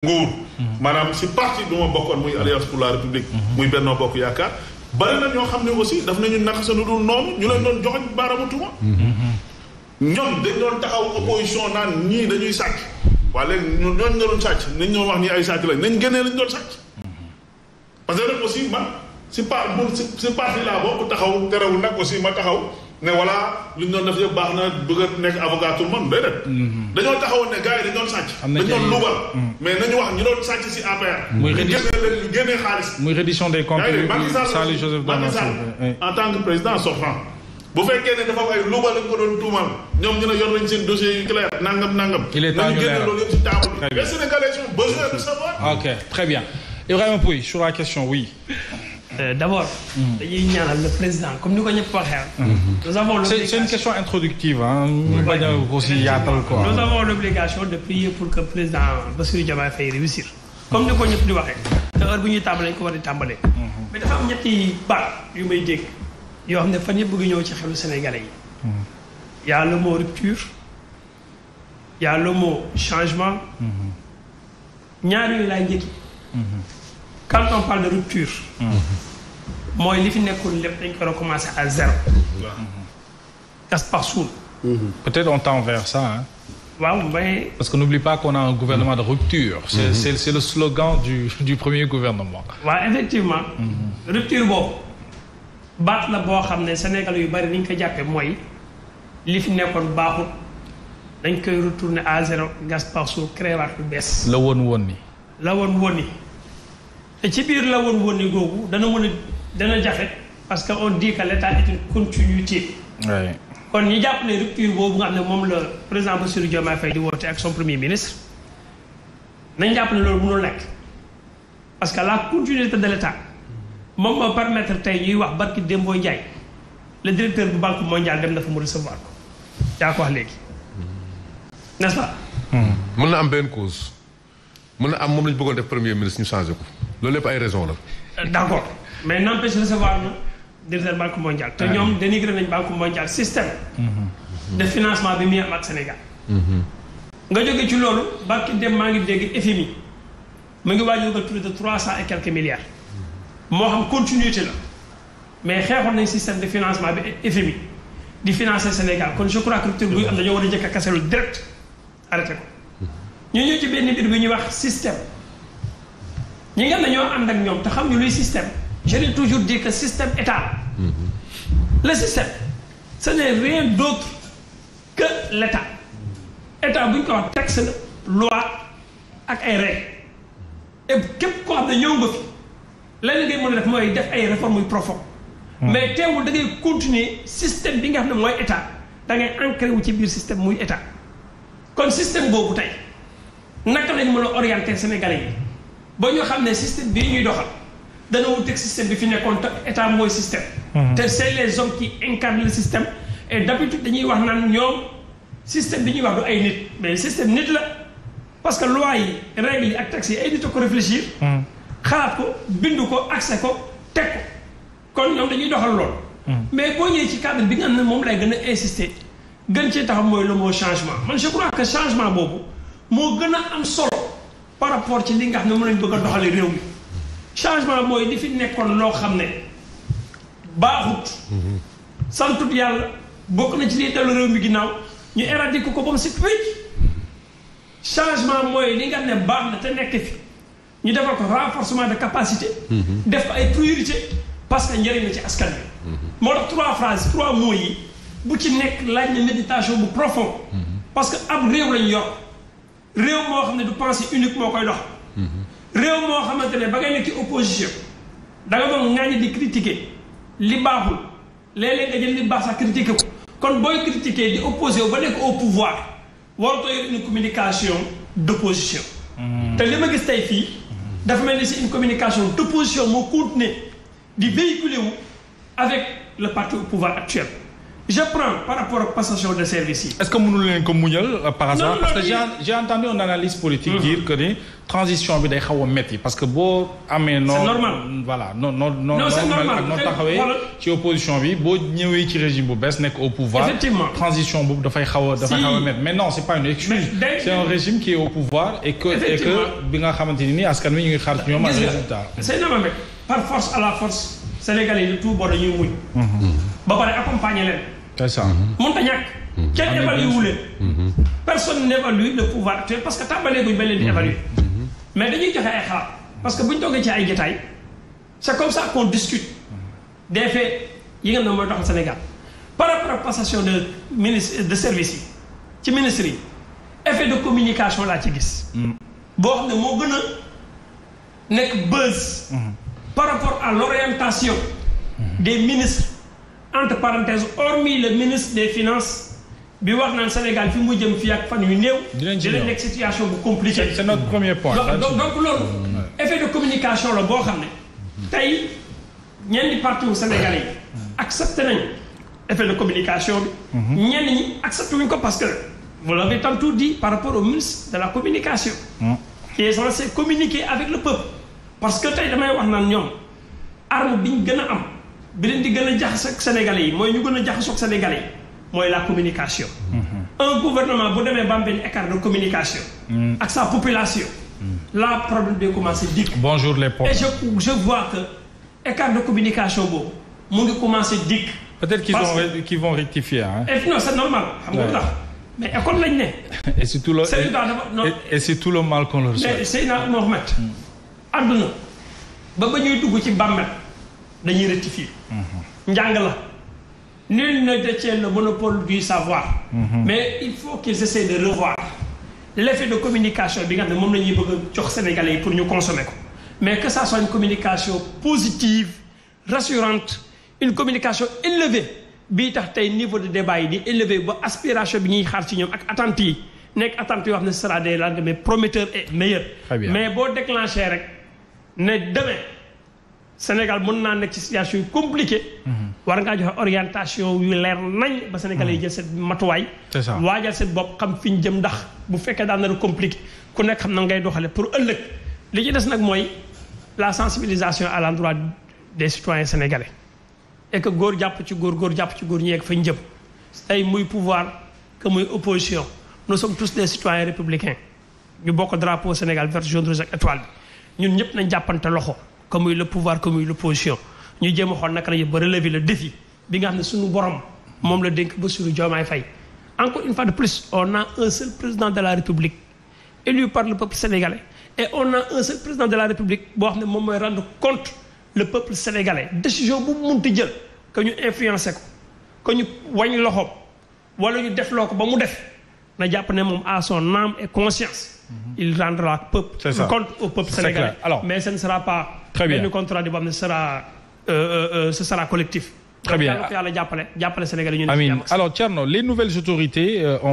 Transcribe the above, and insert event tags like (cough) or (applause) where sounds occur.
nguur maanaam si parti bi ma bokkoon muy alliance pour la république mhm. muy bennoo bokk yaakaar bari na ñoo xam ne aussi daf nañu naka sa nu dul noonu ñu leen doon joxoñ baaraamu tuuma mhm. ñoom dañ doon taxaw opposition naan ñii dañuy sàcc waa léegi ñun ñooñu nga doon sàcc nañ doon wax nii ay sàcc lañ nañ génnee lañ doon sàcc mhm. parce que nag aussi man si par si parti laa bokk taxaw terewul nag aussi ma taxaw ne voilà li ñu doon def yëpp baax na bëgg a nekk avocat tout mhm. dañoo taxawoon ne gars yi dañu sàcc. am na dañu doon luubal. Mhm. mais nañu wax ñu doon sàcc si APR. muy reddition ñu génne leen ñu xaalis. muy reddition des comptes yu Sali Joseph Macky président sortant bu fekkee ne dafa am ay luubal ko doon tuumal ñoom ñu ne yor nañ seen dossier yu clair. nangam nangam. il est temps ñu génne loolu yëpp si table bi. les Sénégalais ont besoin de savoir. très bien Ibrahima Pouye sur la question oui. Euh, d' abord. Mm. dañuy ñaanal le président comme ni ko ñëpp waxee. Ah. Mm-hmm. nous avons l' obligation c' une question introductive ah. ñu bañ a aussi de prier pour que président Bassirou Diomaye Faye réussir. comme ni ko ñëpp di waxee. te heure bu ñuy tàmbalee ñu ko war di tàmbalee. Mm-hmm. mais dafa am ñetti baat yu may dégg yoo xam ne fan yëpp bëgg ñëw ci xelu Sénégalais yi. Mm-hmm. y' a moo mot rupture. y' a le mot changement. ñaar yooyu laay njëkki. quand on parle de rupture. mooy li fi nekkoon lépp dañ koy recommencer à zéro. gas par suul. peut-être on tend vers waaw mais. parce que n'oublie pas qu'on a un gouvernement de rupture. c'est mhm. le slogan du (laughs) du premier gouvernement. waaw effectivement. Mhm. rupture boobu baat la boo xam ne Sénégal yu bari ni ñu ko jàppee mooy li fi nekkoon baaxul dañ koy retourner à zéro gas par suul lu bees. la woon woon ni. la woon woon ni. te ci biir la woon woon ni googu dana mën a dana jafe parce que on dit que l' état continuité. kon ñu jàpp ne rupture boobu nga xam ne moom la président Bassirou Diomaye Faye di woote ak son premier ministre nañ jàpp ne loolu mënul nekk parce que la continuité de l' moom moo permettre tey ñuy wax barki Dembo Ndiaye la directeur bu banque mondiale dem dafa fa mu recevoir ko yaa ko wax léegi n'est-ce pas. Hmm. mën na am benn cause mën na am moom lañu bëggoon def premier ministre ñu changé ko. loolu lépp ay raison la. Euh, d'accord mais n'empêche recevoir na directeur banque mondiale. te ah ñoom dénigré nañ banque mondiale système. Mhm. de financement bi muy am ak Sénégal. Mhm. nga jóge ci loolu barki dem maa ngi dégg FMI mu ngi waaj a plus de trois cent et quelques milliards. moo xam continuité la mais xeexoon nañ système de financement bi FMI di financer Sénégal kon je crois que rupture buy am dañoo war a jëkk a kaseelu direct arrêté ko. Mhm. ñu ñëw ci benn mbir ñuy wax système. ñi nga xam ne ñoo ànd ak ñoom te xam ñu luy système je toujours dit que système état mm-hmm. le système ce n'est rien d'autre que l'état état bu ñu ko wax texte la loi ak ay règles et képp ko xam ne ñëw nga fi lenn ngay mën def mooy def ay réformes yu profondes mm. mais teewul da ngay continuer système bi nga xam ne mooy état da ngay ancré wu ci biir système muy état kon système boobu tey naka lañ mën a orienter sénégalais yi boo ñu xam ne système bii ñuy doxal dana wuteeg système bi fi nekkoon te état mooy système. Mhm. te c'est les hommes qui incarnent le système. et d'habitude dañuy wax naan ñoom système bi ñuy wax du ay nit mais système nit la parce que loi yi règles yi ak taxes yi ay nit a ko réfléchir. Mhm. xalaat ko bind ko accès ko teg ko kon ñoom dañuy doxal lool. Mhm. mais boo ñëwee ci cadre bi nga xam moom lay gën a insister gën cee taxaw mooy le mot changement man je crois que changement boobu moo gën a am solo. par rapport ci li nga xam ne moom lañ bëgg a doxalee réew mi changement mooy di fi nekkoon loo xam ne baaxut. santut yàlla bokk na ci liy dellu réew mi ginnaaw ñu éradiquer ko ba mu si changement mooy li nga xam ne baax na te nekk fi ñu defal ko renforcement de capacité. Mhm. def ko ay priorité parce que njëriñ la ci askan bi mhm. moo tax trois france trois mots yi bu ci nekk laaj na méditation bu profond. Mhm. parce que ab réew lañ yor. réew moo xam ne du pensée unique moo koy dox réew moo xamante ne ba ngay nekk ci opposition da nga doon ŋaañi di critiquer li baaxul léeg-léeg nga jël li baax sax critiquer ko kon booy critiquer di opposé wu ba nekk au pouvoir warutoo yor une communication d' opposition hmm. te li ma gis tey fii dafa mel ni si une communication d' opposition moo continuer di véhiculer wu avec le parti au pouvoir actuel je prends par rapport ak passation de service yi. est-ce que mënul ko muñal par hasard parce que j'ai entendu une analyse politique dire que transition bi day xaw a métti parce que boo amee. c'est normal voilà non non ak noo taxawee ci opposition bi boo ñëwee ci régime bu bees nekk au pouvoir. effectivement transition boobu dafay xaw a dafay xaw a mais non c'est pas une excuse. c'est un régime qui est au pouvoir. et que et que bi nga xamante ni askan wi ñu ngi xaar ci ñoom. gis résultat c'est normal mais par force Mmh. mën ta ñàkk mmh. kenn mmh. évalue wu leen personne n'évalue le pouvoir actuel parce que tàmbalee guñ ba leen di évaluer mais dañuy joxe ay xalaat parce que bu ñu toogee ci ay jotaay c'est comme ça qu'on discute des faits yi ngeen xam ne mooy doxal Sénégal par rapport ak passation de ministre de service yi ci ministre yi effet de communication laa ci gis boo xam ne moo gën a nekk buzz par rapport à l'orientation des ministres entre parenthèses hormis le ministre des finance bi wax naan Sénégal fi mu jëm fii ak fan yu néew. dinañ nekk situation bu compliquée. c'est notre premier point. donc donc loolu effet de communication la boo xam ne tey ñenn di parti wu Sénégalais yi accepté nañ de communication bi. Mhm. ñenn ñi accepté wuñ ko parce que vous l'avez tantôt dit par rapport au ministre de la communication. Mhm. qui est censé communiquer avec le peuple. parce que tey damay wax naan ñoom arme bi ñu gën a am. bi leen di gën a jaxasoo ak sénégalais yi mooy ñu gën a jaxasoo ak sénégalais mooy la communication. Mm-hmm. un gouvernement bu demee ba am benn écart de communication. Mm. ak sa population. Mm. la problème de commencé dikk. bonjour les pauvres et je je vois que écart de communication boobu mu ngi commencé dikk. peut-être qu'ils ont qu'ils vont rectifier hein. et non c'est normal xam nga mais école lañ ne. et c'est tout le et c'est le mal qu'on leur souhaite. mais Seydina Mohamed. àdduna ba ba ñuy dugg ci bàmmel. dañuy rectifier. njàng la. nul ne détient le monopole du savoir. Mhm. mais il faut qu'ils essaient de revoir l'effet de communication bi nga xam ne moom la ñuy bëgg jox Sénégalais yi pour ñu consommer ko mais que ça soit une communication positive rassurante une communication élevée bii tax tey niveau de débat yi di élevé ba aspiration bi ñuy xaar ci ñoom ak attente yi nekk attente yoo xam ne ce sera des lendemains prometteurs et meilleurs. mais boo déclenché rek ne demain. Sénégal mën naa nekk ci situation yu compliquée. Mhm. war ngaa joxe orientation yu leer nañ. ba Sénégal yi mhm. jël seen matuwaay. c'est ça waajal seen bopp xam fi ñu jëm ndax bu fekkee daan na lu compliqué ku nekk xam na ngay doxale pour ëllëg li ci des nag mooy la sensibilisation à l'endroit des citoyens sénégalais et que góor jàpp ci góor góor jàpp ci góor ñi yegg fa ñu jëm tey muy pouvoir que muy opposition nous sommes tous des citoyens républicains ñu bokk drapeau Sénégal vert jaune rouge ñun ñëpp nañ jàppante loxo. comme muy le pouvoir que muy l'opposition ñu jéem a xool naka la ñu ba relever le défi bi nga xam ne suñu borom moom la dénk Bassirou Diomaye Faye encore une fois de plus on a un président de la République élu par le peuple sénégalais et on a un président de la République boo xam ne moom mooy rendre compte le peuple sénégalais décision bu munti jël que ñu influencé ko que ñu wañ loxoom wala ñu def loo ko ba mu def na jàpp ne moom à son âme et conscience Mm-hmm. il rendra peuple. c'est ça compte au peuple sénégalais. alors mais ce ne sera pas. très bien benn contrat di ba am ne sera euh, euh, euh, ce sera collectif. très bien donc yàlla jàppale jàppale sénégalais ñu. amiin alors Thierno les nouvelles autorités.